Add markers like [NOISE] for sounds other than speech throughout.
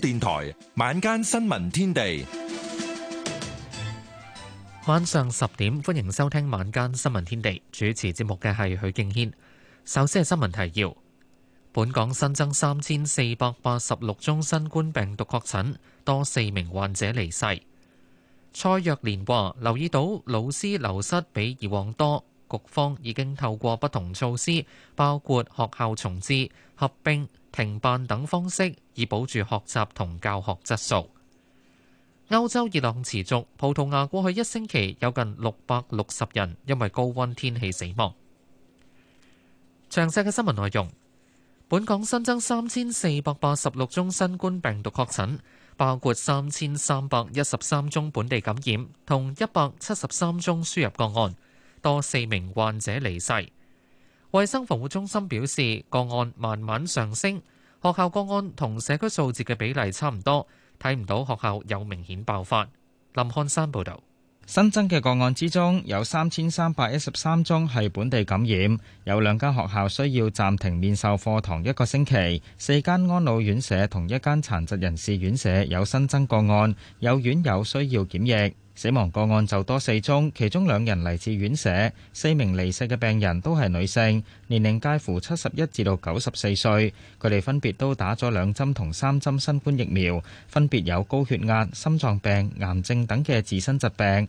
電台晚間新聞天地，晚上十點歡迎收聽晚間新聞天地。主持節目嘅係許敬軒。首先係新聞提要：本港新增三千四百八十六宗新冠病毒確診，多四名患者離世。蔡若蓮話：留意到老師流失比以往多，局方已經透過不同措施，包括學校重置、合併。停辦等方式，以保住學習同教學質素。歐洲熱浪持續，葡萄牙過去一星期有近六百六十人因為高温天氣死亡。詳細嘅新聞內容：本港新增三千四百八十六宗新冠病毒確診，包括三千三百一十三宗本地感染同一百七十三宗輸入個案，多四名患者離世。衛生防護中心表示，個案慢慢上升。學校個案同社區數字嘅比例差唔多，睇唔到學校有明顯爆發。林漢山報道，新增嘅個案之中，有三千三百一十三宗係本地感染，有兩間學校需要暫停面授課堂一個星期，四間安老院舍同一間殘疾人士院舍有新增個案，有院友需要檢疫。死亡個案就多四宗，其中兩人嚟自院舍，四名離世嘅病人都係女性，年齡介乎七十一至到九十四歲。佢哋分別都打咗兩針同三針新冠疫苗，分別有高血壓、心臟病、癌症等嘅自身疾病。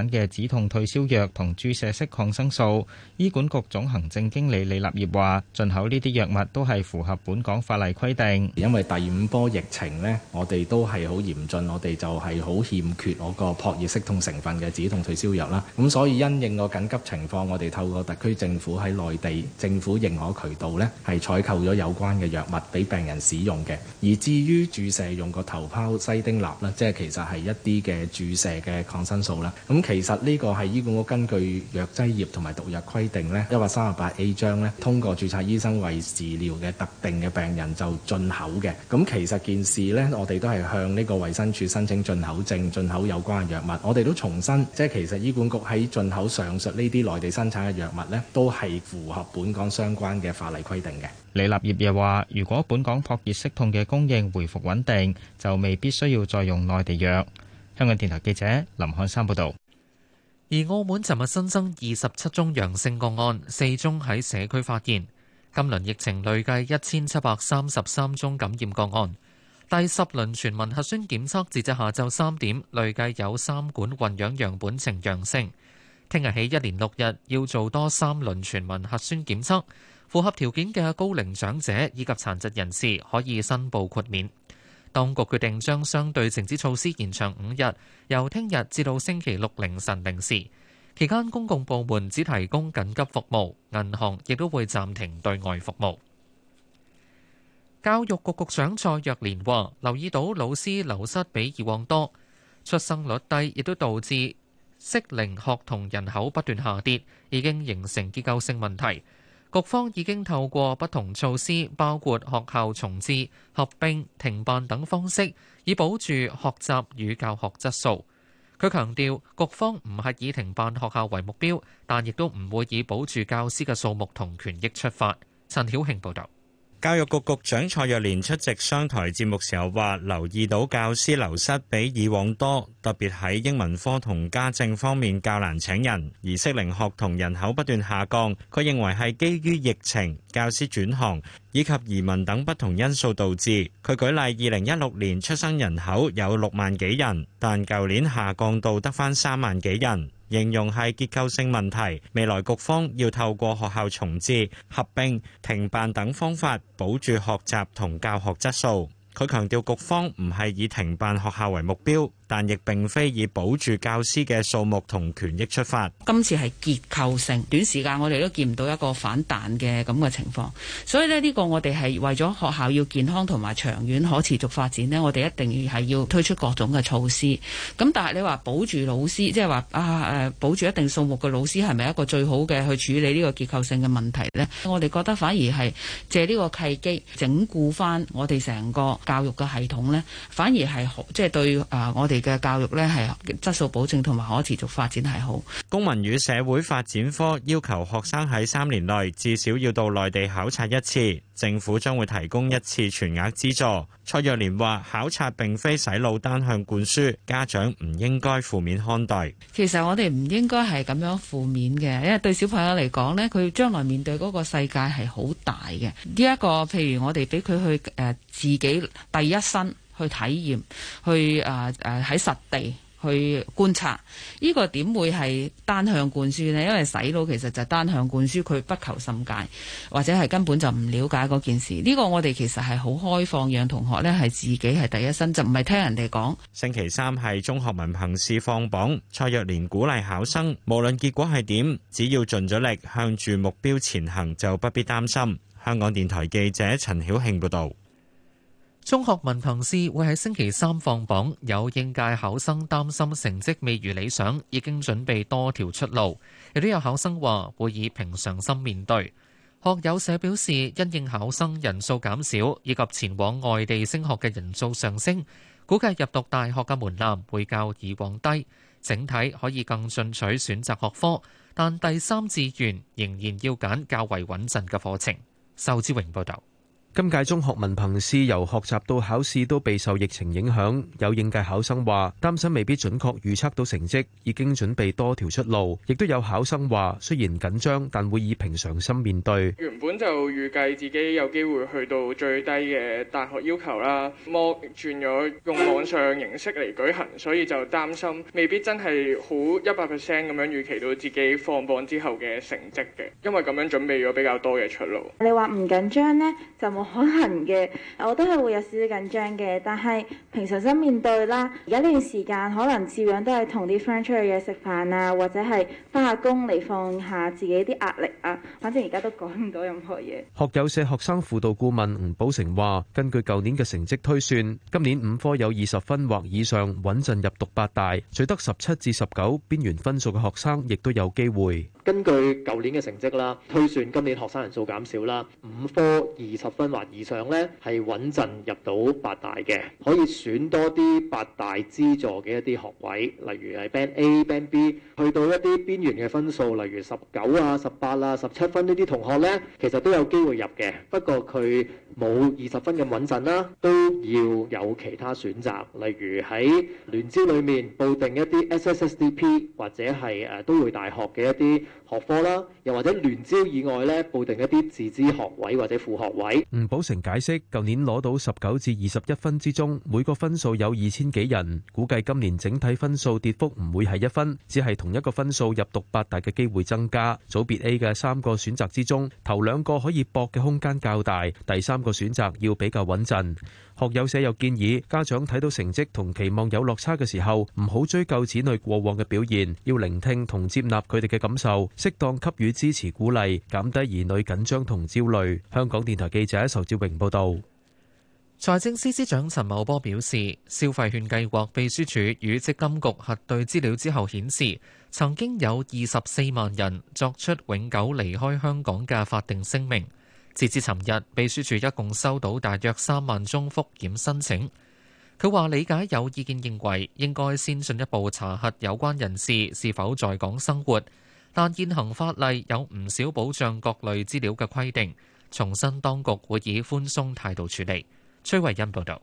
嘅止痛退燒藥同注射式抗生素，醫管局總行政經理李立業話：進口呢啲藥物都係符合本港法例規定。因為第五波疫情呢，我哋都係好嚴峻，我哋就係好欠缺我個撲熱息痛成分嘅止痛退燒藥啦。咁所以因應個緊急情況，我哋透過特區政府喺內地政府認可渠道呢，係採購咗有關嘅藥物俾病人使用嘅。而至於注射用個頭孢西丁鈉咧，即係其實係一啲嘅注射嘅抗生素啦。咁。其實呢個係醫管局根據藥劑業同埋毒藥規定呢一百三十八 A 章呢，通過註冊醫生為治療嘅特定嘅病人就進口嘅。咁、嗯、其實件事呢，我哋都係向呢個衛生署申請進口證，進口有關嘅藥物。我哋都重申，即係其實醫管局喺進口上述呢啲內地生產嘅藥物呢，都係符合本港相關嘅法例規定嘅。李立業又話，如果本港撲熱息痛嘅供應回復穩定，就未必需要再用內地藥。香港電台記者林漢山報導。而澳門尋日新增二十七宗陽性個案，四宗喺社區發現。今輪疫情累計一千七百三十三宗感染個案。第十輪全民核酸檢測截至下晝三點，累計有三管混養樣本呈陽性。聽日起一連六日要做多三輪全民核酸檢測，符合條件嘅高齡長者以及殘疾人士可以申報豁免。當局決定將相對靜止措施延長五日，由聽日至到星期六凌晨零時。期間，公共部門只提供緊急服務，銀行亦都會暫停對外服務。教育局局長蔡若蓮話：留意到老師流失比以往多，出生率低，亦都導致適齡學童人口不斷下跌，已經形成結構性問題。局方已經透過不同措施，包括學校重置、合並、停辦等方式，以保住學習與教學質素。佢強調，局方唔係以停辦學校為目標，但亦都唔會以保住教師嘅數目同權益出發。陳曉慶報道。教育局局長蔡若蓮出席商台節目時候話，留意到教師流失比以往多，特別喺英文科同家政方面較難請人，而適齡學童人口不斷下降。佢認為係基於疫情、教師轉行以及移民等不同因素導致。佢舉例，二零一六年出生人口有六萬幾人，但舊年下降到得翻三萬幾人。形容係結構性問題，未來局方要透過學校重置、合併、停辦等方法，保住學習同教學質素。佢強調局方唔係以停辦學校為目標。但亦並非以保住教師嘅數目同權益出發。今次係結構性，短時間我哋都見唔到一個反彈嘅咁嘅情況，所以咧，呢個我哋係為咗學校要健康同埋長遠可持續發展咧，我哋一定係要要推出各種嘅措施。咁但係你話保住老師即係話啊誒，保住一定數目嘅老師，係咪一個最好嘅去處理呢個結構性嘅問題咧？我哋覺得反而係借呢個契機整固翻我哋成個教育嘅系統咧，反而係即係對啊我哋。嘅教育呢，係質素保證同埋可持續發展係好。公民與社會發展科要求學生喺三年內至少要到內地考察一次，政府將會提供一次全額資助。蔡若蓮話考察並非洗腦單向灌輸，家長唔應該負面看待。其實我哋唔應該係咁樣負面嘅，因為對小朋友嚟講，呢佢將來面對嗰個世界係好大嘅。呢一個譬如我哋俾佢去誒自己第一身。去體驗，去啊誒喺實地去觀察，呢個點會係單向灌輸呢？因為洗腦其實就單向灌輸，佢不求甚解，或者係根本就唔了解嗰件事。呢個我哋其實係好開放，讓同學呢係自己係第一身，就唔係聽人哋講。星期三係中學文憑試放榜，蔡若蓮鼓勵考，考生，無論結果係點，只要盡咗力，向住目標前行，就不必擔心。香港電台記者陳曉慶報道。中學文憑試會喺星期三放榜，有應屆考生擔心成績未如理想，已經準備多條出路。亦都有考生話會以平常心面對。學友社表示，因應考生人數減少以及前往外地升學嘅人數上升，估計入讀大學嘅門檻會較以往低，整體可以更進取選擇學科，但第三志願仍然要揀較為穩陣嘅課程。仇志榮報道。今屆中學文憑試由學習到考試都備受疫情影響，有應屆考生話擔心未必準確預測到成績，已經準備多條出路。亦都有考生話雖然緊張，但會以平常心面對。原本就預計自己有機會去到最低嘅大學要求啦，摸轉咗用網上形式嚟舉行，所以就擔心未必真係好一百 percent 咁樣預期到自己放榜之後嘅成績嘅，因為咁樣準備咗比較多嘅出路。你話唔緊張呢就？可能嘅，我都係會有少少緊張嘅，但係平常心面對啦。而家呢段時間可能照樣都係同啲 friend 出去嘢食飯啊，或者係翻下工嚟，放下自己啲壓力啊。反正而家都講唔到任何嘢。學友社學生輔導顧問吳寶成話，根據舊年嘅成績推算，今年五科有二十分或以上穩陣入讀八大，取得十七至十九邊緣分數嘅學生亦都有機會。根據舊年嘅成績啦，推算今年學生人數減少啦，五科二十分。或以上咧係穩陣入到八大嘅，可以選多啲八大資助嘅一啲學位，例如係 Band A、Band B，去到一啲邊緣嘅分數，例如十九啊、十八啊、十七分呢啲同學咧，其實都有機會入嘅。不過佢冇二十分咁穩陣啦，都要有其他選擇，例如喺聯招裏面報定一啲 SSSDP 或者係誒都會大學嘅一啲學科啦，又或者聯招以外咧報定一啲自資學位或者副學位。陳寶成解釋，舊年攞到十九至二十一分之中，每個分數有二千幾人，估計今年整體分數跌幅唔會係一分，只係同一個分數入讀八大嘅機會增加。組別 A 嘅三個選擇之中，頭兩個可以搏嘅空間較大，第三個選擇要比較穩陣。學友社又建議家長睇到成績同期望有落差嘅時候，唔好追究子女過往嘅表現，要聆聽同接納佢哋嘅感受，適當給予支持鼓勵，減低兒女緊張同焦慮。香港電台記者。曹志榮報道，財政司司長陳茂波表示，消費券計劃秘書處與積金局核對資料之後顯示，顯示曾經有二十四萬人作出永久離開香港嘅法定聲明。截至尋日，秘書處一共收到大約三萬宗複檢申請。佢話理解有意見認為應該先進一步查核有關人士是否在港生活，但現行法例有唔少保障各類資料嘅規定。重申當局會以寬鬆態度處理。崔慧欣報道，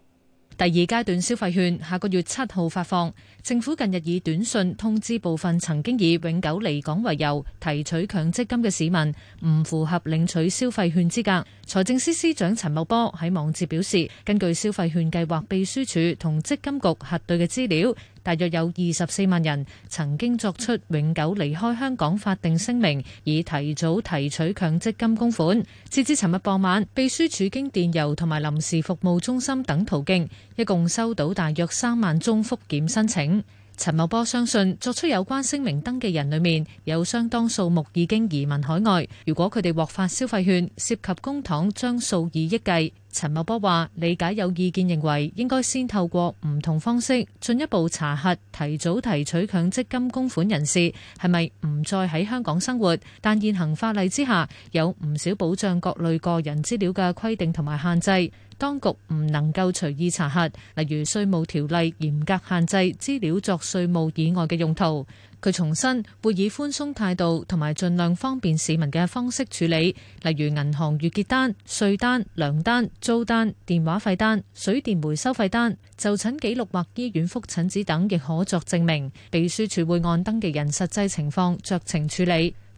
第二階段消費券下個月七號發放，政府近日以短信通知部分曾經以永久離港為由提取強積金嘅市民，唔符合領取消費券資格。財政司司長陳茂波喺網誌表示，根據消費券計劃秘書處同積金局核對嘅資料。大約有二十四萬人曾經作出永久離開香港法定聲明，以提早提取強積金供款。截至尋日傍晚，秘書處經電郵同埋臨時服務中心等途徑，一共收到大約三萬宗復檢申請。陳茂波相信作出有關聲明登記人裏面有相當數目已經移民海外，如果佢哋獲發消費券，涉及公帑將數以億計。陳茂波話：理解有意見認為應該先透過唔同方式進一步查核，提早提取強積金供款人士係咪唔再喺香港生活？但現行法例之下，有唔少保障各類個人資料嘅規定同埋限制。當局唔能夠隨意查核，例如稅務條例嚴格限制資料作稅務以外嘅用途。佢重申會以寬鬆態度同埋盡量方便市民嘅方式處理，例如銀行月結單、稅單、糧單、租單、電話費單、水電煤收費單、就診記錄或醫院覆診紙等，亦可作證明。秘書處會按登記人實際情況酌情處理。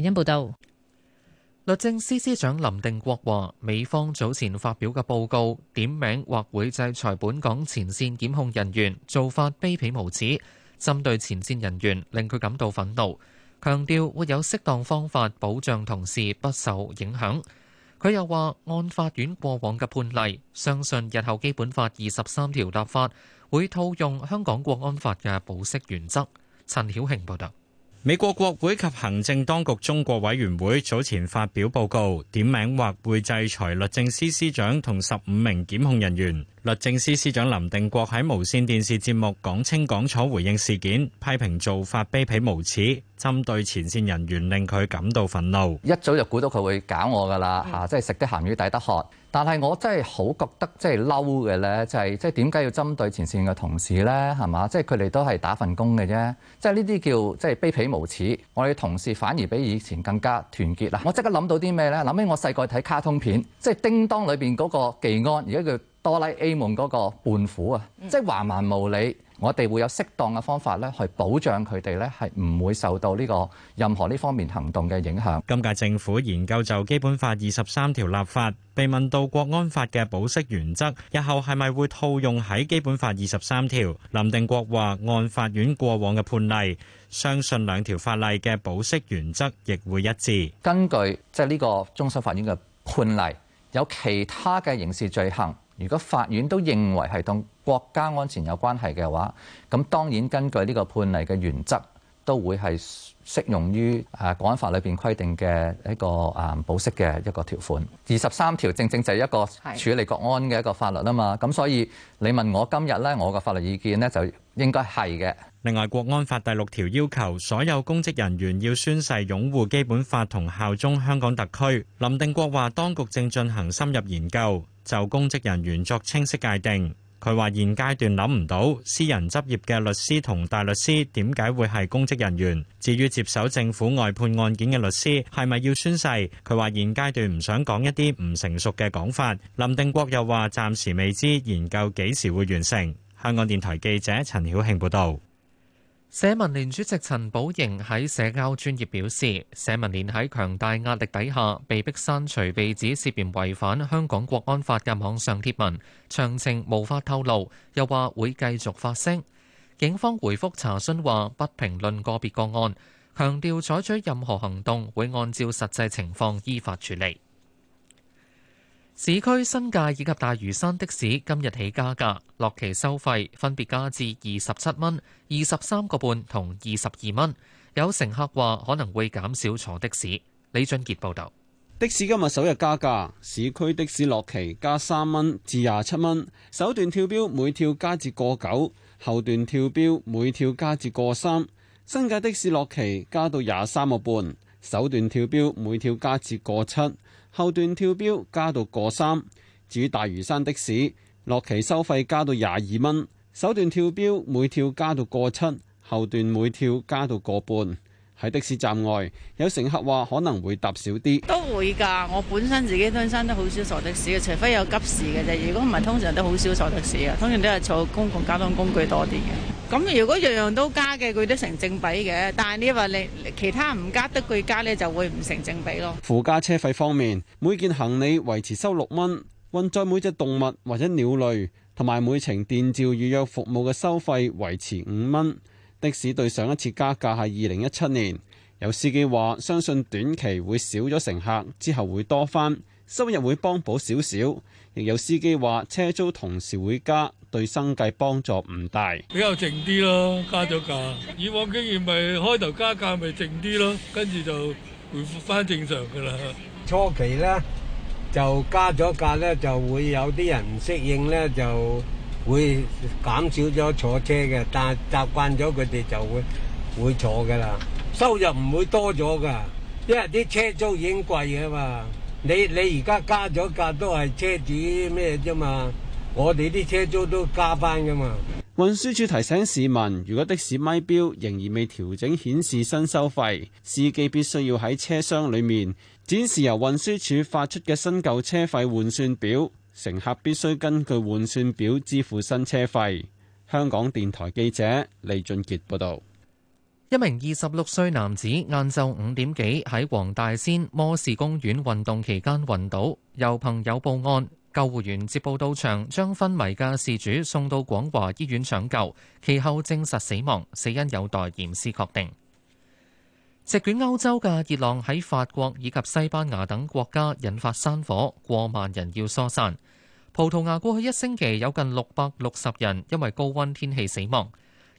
原因報道，律政司司長林定國話，美方早前發表嘅報告點名或會制裁本港前線檢控人員，做法卑鄙無恥，針對前線人員令佢感到憤怒，強調會有適當方法保障同事不受影響。佢又話，按法院過往嘅判例，相信日後基本法二十三條立法會套用香港國安法嘅保釋原則。陳曉慶報道。美國國會及行政當局中國委員會早前發表報告，點名或會制裁律政司司長同十五名檢控人員。律政司司長林定國喺無線電視節目講清講楚，回應事件批評做法卑鄙無恥，針對前線人員令佢感到憤怒。一早就估到佢會搞我噶啦吓，即係食得咸魚抵得渴。但係我真係好覺得即係嬲嘅咧，就係即係點解要針對前線嘅同事咧？係嘛，即係佢哋都係打份工嘅啫。即係呢啲叫即係卑鄙無恥。我哋同事反而比以前更加團結啦。我即刻諗到啲咩咧？諗起我細個睇卡通片，即係叮當裏邊嗰個技安，而家叫……哆啦 A 門嗰個判苦，啊，即係橫蠻無理，我哋會有適當嘅方法咧，去保障佢哋咧，係唔會受到呢個任何呢方面行動嘅影響。今屆政府研究就《基本法》二十三條立法，被問到《國安法》嘅保釋原則，日後係咪會套用喺《基本法》二十三條？林定國話：按法院過往嘅判例，相信兩條法例嘅保釋原則亦會一致。根據即係呢個終審法院嘅判例，有其他嘅刑事罪行。如果法院都認為係同國家安全有關係嘅話，咁當然根據呢個判例嘅原則，都會係適用於誒《國安法》裏邊規定嘅一個誒保釋嘅一個條款。二十三條正正就係一個處理國安嘅一個法律啊嘛。咁所以你問我今日呢，我嘅法律意見呢就應該係嘅。另外，《國安法》第六條要求所有公職人員要宣誓擁護基本法同效忠香港特區。林定國話：當局正進行深入研究。就公職人員作清晰界定，佢話現階段諗唔到私人執業嘅律師同大律師點解會係公職人員，至於接手政府外判案件嘅律師係咪要宣誓，佢話現階段唔想講一啲唔成熟嘅講法。林定國又話暫時未知研究幾時會完成。香港電台記者陳曉慶報道。社民聯主席陳寶瑩喺社交專頁表示，社民聯喺強大壓力底下，被迫刪除被指涉嫌違反香港國安法嘅網上貼文，詳情無法透露，又話會繼續發聲。警方回復查詢話，不評論個別個案，強調採取任何行動會按照實際情況依法處理。市區新界以及大嶼山的士今日起加價，落旗收費分別加至二十七蚊、二十三個半同二十二蚊。有乘客話可能會減少坐的士。李俊傑報導，的士今日首日加價，市區的士落旗加三蚊至廿七蚊，首段跳標每跳加至過九，後段跳標每跳加至過三。新界的士落旗加到廿三個半，首段跳標每跳加至過七。後段跳標加到個三，至於大嶼山的士落旗收費加到廿二蚊，首段跳標每跳加到個七，後段每跳加到個半。喺的士站外有乘客話可能會搭少啲，都會㗎。我本身自己本身都好少坐的士嘅，除非有急事嘅啫。如果唔係，通常都好少坐的士啊，通常都係坐公共交通工具多啲嘅。咁如果樣樣都加嘅，佢都成正比嘅。但係你話你其他唔加得佢加咧，就會唔成正比咯。附加車費方面，每件行李維持收六蚊，運載每隻動物或者鳥類同埋每程電召預約服務嘅收費維持五蚊。的士對上一次加價係二零一七年，有司機話相信短期會少咗乘客，之後會多返，收入會幫補少少。亦有司機話車租同時會加，對生計幫助唔大。比較靜啲咯，加咗價。以往經驗咪、就是、開頭加價咪靜啲咯，跟住就回復返正常㗎啦。初期咧就加咗價咧就會有啲人唔適應咧就。會減少咗坐車嘅，但係習慣咗佢哋就會會坐噶啦。收入唔會多咗噶，因為啲車租已經貴啊嘛。你你而家加咗價都係車子咩啫嘛？我哋啲車租都加返噶嘛。運輸署提醒市民，如果的士咪表仍然未調整顯示新收費，司機必須要喺車廂裏面展示由運輸署發出嘅新舊車費換算表。乘客必須根據換算表支付新車費。香港電台記者李俊傑報導，一名二十六歲男子晏晝五點幾喺黃大仙摩士公園運動期間暈倒，由朋友報案，救護員接報到場，將昏迷嘅事主送到廣華醫院搶救，其後證實死亡，死因有待驗屍確定。席捲歐洲嘅熱浪喺法國以及西班牙等國家引發山火，過萬人要疏散。葡萄牙過去一星期有近六百六十人因為高温天氣死亡。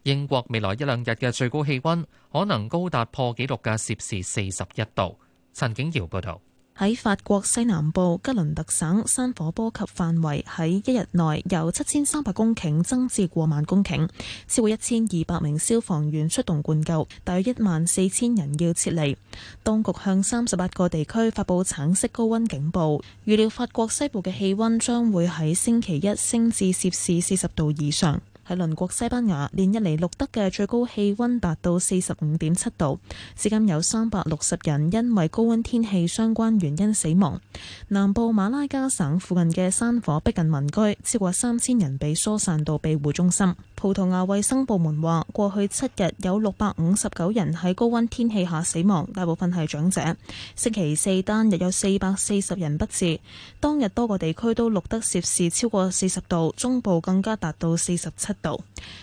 英國未來一兩日嘅最高氣温可能高達破紀錄嘅攝氏四十一度。陳景堯報道。喺法國西南部吉倫特省，山火波及範圍喺一日內由七千三百公頃增至過萬公頃，超過一千二百名消防員出動灌救，大約一萬四千人要撤離。當局向三十八個地區發布橙色高温警報，預料法國西部嘅氣温將會喺星期一升至攝氏四十度以上。喺鄰國西班牙，連日嚟錄得嘅最高氣温達到四十五點七度。至今有三百六十人因為高温天氣相關原因死亡。南部馬拉加省附近嘅山火逼近民居，超過三千人被疏散到庇護中心。葡萄牙衛生部門話，過去七日有六百五十九人喺高温天氣下死亡，大部分係長者。星期四單日有四百四十人不治。當日多個地區都錄得攝氏超過四十度，中部更加達到四十七。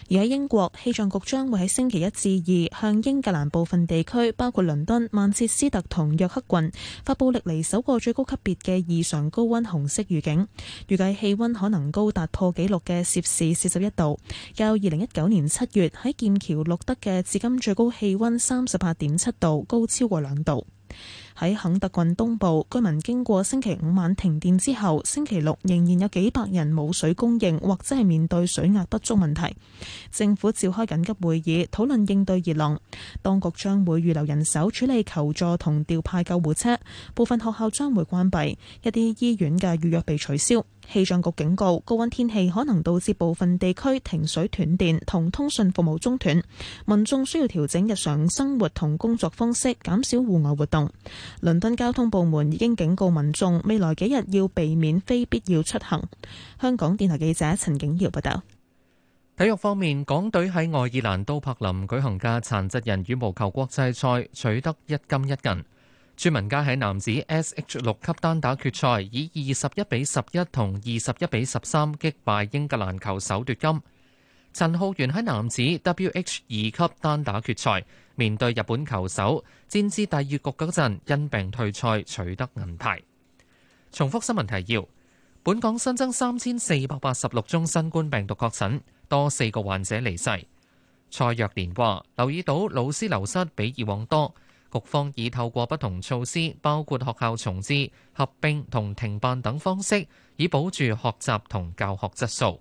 而喺英國，氣象局將會喺星期一至二向英格蘭部分地區，包括倫敦、曼徹斯特同約克郡，發布歷嚟首個最高級別嘅異常高温紅色預警。預計氣温可能高達破紀錄嘅攝氏四十一度，較二零一九年七月喺劍橋錄得嘅至今最高氣温三十八點七度，高超過兩度。喺肯特郡東部，居民經過星期五晚停電之後，星期六仍然有幾百人冇水供應，或者係面對水壓不足問題。政府召開緊急會議討論應對熱浪，當局將會預留人手處理求助同調派救護車，部分學校將會關閉，一啲醫院嘅預約被取消。氣象局警告，高温天氣可能導致部分地區停水斷電同通訊服務中斷，民眾需要調整日常生活同工作方式，減少戶外活動。倫敦交通部門已經警告民眾未來幾日要避免非必要出行。香港電台記者陳景耀報道。體育方面，港隊喺愛爾蘭都柏林舉行嘅殘疾人羽毛球國際賽取得一金一銀。朱文佳喺男子 SH 六級單打決賽以二十一比十一同二十一比十三擊敗英格蘭球手奪金。陳浩源喺男子 WH 二級單打決賽面對日本球手戰至第二局嗰陣因病退賽，取得銀牌。重複新聞提要：本港新增三千四百八十六宗新冠病毒確診，多四個患者離世。蔡若蓮話留意到老師流失比以往多。局方已透過不同措施，包括學校重置、合併同停辦等方式，以保住學習同教學質素。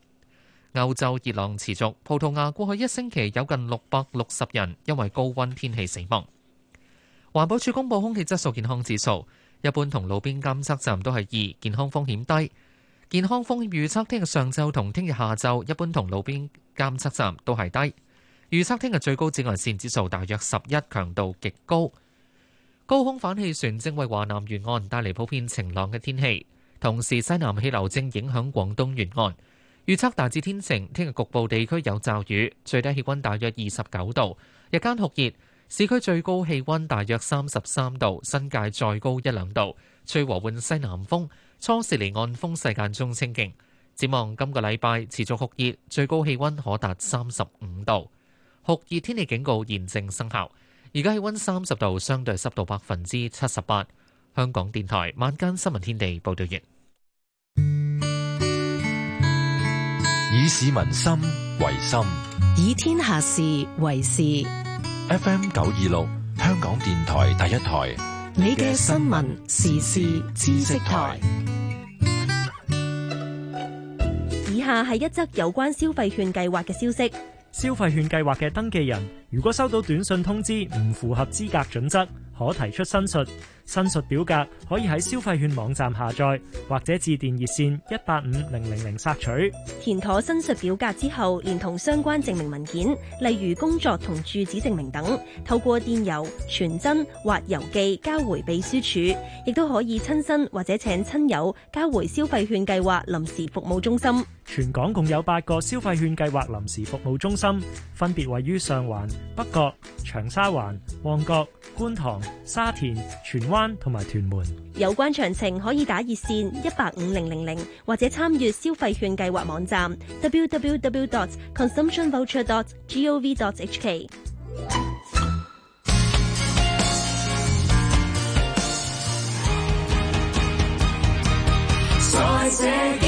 歐洲熱浪持續，葡萄牙過去一星期有近六百六十人因為高溫天氣死亡。環保署公布空氣質素健康指數，一般同路邊監測站都係二，健康風險低。健康風險預測聽日上晝同聽日下晝，一般同路邊監測站都係低。預測聽日最高紫外線指數大約十一，強度極高。高空反氣旋正為華南沿岸帶嚟普遍晴朗嘅天氣，同時西南氣流正影響廣東沿岸。預測大致天晴，聽日局部地區有驟雨，最低氣温大約二十九度，日間酷熱，市區最高氣温大約三十三度，新界再高一兩度。吹和緩西南風，初時離岸風勢間中清勁。展望今個禮拜持續酷熱，最高氣温可達三十五度。酷熱天氣警告現正生效，而家氣溫三十度，相對濕度百分之七十八。香港電台晚間新聞天地報道員，以市民心為心，以天下事為事。FM 九二六，香港電台第一台，你嘅新聞時事知識台。以下係一則有關消費券計劃嘅消息。消費券計劃嘅登記人，如果收到短信通知，唔符合資格準則。可提出申述，申述表格可以喺消費券網站下載，或者致電熱線一八五零零零索取。填妥申述表格之後，連同相關證明文件，例如工作同住址證明等，透過電郵、傳真或郵寄交回秘書處，亦都可以親身或者請親友交回消費券計劃臨時服務中心。全港共有八個消費券計劃臨時服務中心，分別位於上環、北角、長沙灣、旺角、觀塘。沙田、荃灣同埋屯門有關詳情可以打熱線一八五零零零或者參與消費券計劃網站 www.consumptionvoucher.gov.hk。在這紀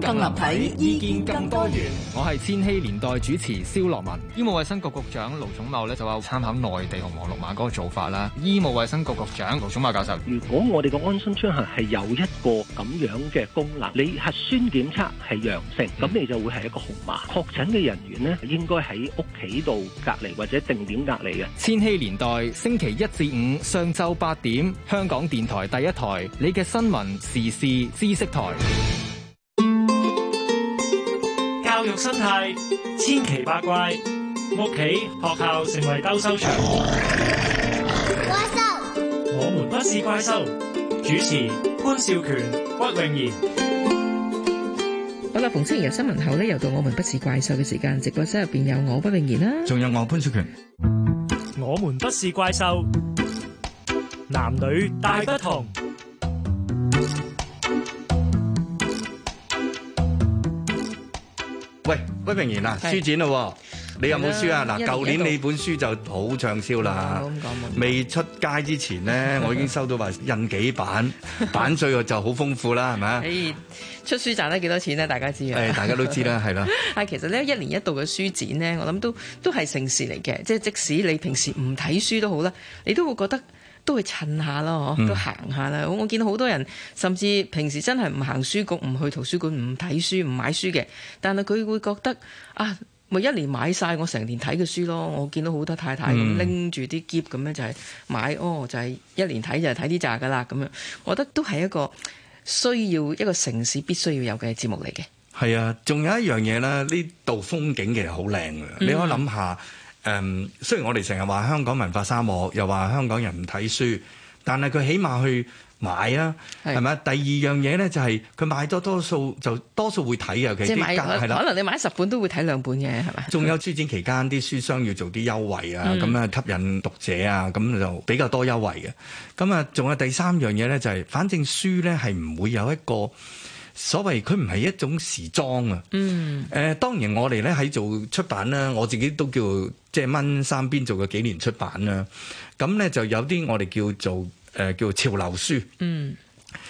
更立體，意見更多元。我係千禧年代主持蕭樂文，醫務衛生局局長盧寵茂咧就話，參考內地紅黃綠碼嗰個做法啦。醫務衛生局局長盧寵茂教授，如果我哋嘅安心出行係有一個咁樣嘅功能，你核酸檢測係陽性，咁你就會係一個紅碼，確診嘅人員咧應該喺屋企度隔離或者定點隔離嘅。千禧年代星期一至五上晝八點，香港電台第一台，你嘅新聞時事知識台。生態千奇百怪，屋企學校成為兜收場。怪獸，我們不是怪獸。主持潘少權、屈穎妍。我哋逢星期日新聞後咧，又到我們不是怪獸嘅時間。直播室入邊有我屈穎妍啦，仲有我潘少權。我們不是怪獸，男女大不同。喂，威平然啦，是書展咯，你有冇書啊？嗱，舊年，年你本書就好暢銷啦，未出街之前咧， [LAUGHS] 我已經收到埋印幾版，版稅就好豐富啦，係咪啊？出書賺得幾多錢咧、啊？大家知啊？誒，大家都知啦，係啦。啊， [LAUGHS] 其實咧一年一度嘅書展咧，我諗都都係盛事嚟嘅，即、就、係、是、即使你平時唔睇書都好啦，你都會覺得。都會襯下咯，都行下啦。嗯、我見到好多人，甚至平時真係唔行書局、唔去圖書館、唔睇書、唔買書嘅，但係佢會覺得啊，咪一年買晒我成年睇嘅書咯。我見到好多太太咁拎住啲喼咁樣、嗯、就係買，哦，就係、是、一年睇就係睇啲咋㗎啦。咁樣，我覺得都係一個需要一個城市必須要有嘅節目嚟嘅。係啊，仲有一樣嘢咧，呢度風景其實好靚嘅，嗯、你可以諗下。誒，um, 雖然我哋成日話香港文化沙漠，又話香港人唔睇書，但係佢起碼去買啊，係咪？是第二樣嘢咧就係、是、佢買咗多數就多數會睇嘅，其實係啦，了可能你買十本都會睇兩本嘅，係咪？仲有書展期間啲書商要做啲優惠啊，咁啊、嗯、吸引讀者啊，咁就比較多優惠嘅。咁啊，仲有第三樣嘢咧就係、是，反正書咧係唔會有一個。所謂佢唔係一種時裝啊，誒、嗯呃、當然我哋咧喺做出版啦，我自己都叫即係掹三邊做過幾年出版啦，咁咧就有啲我哋叫做誒、呃、叫做潮流書。嗯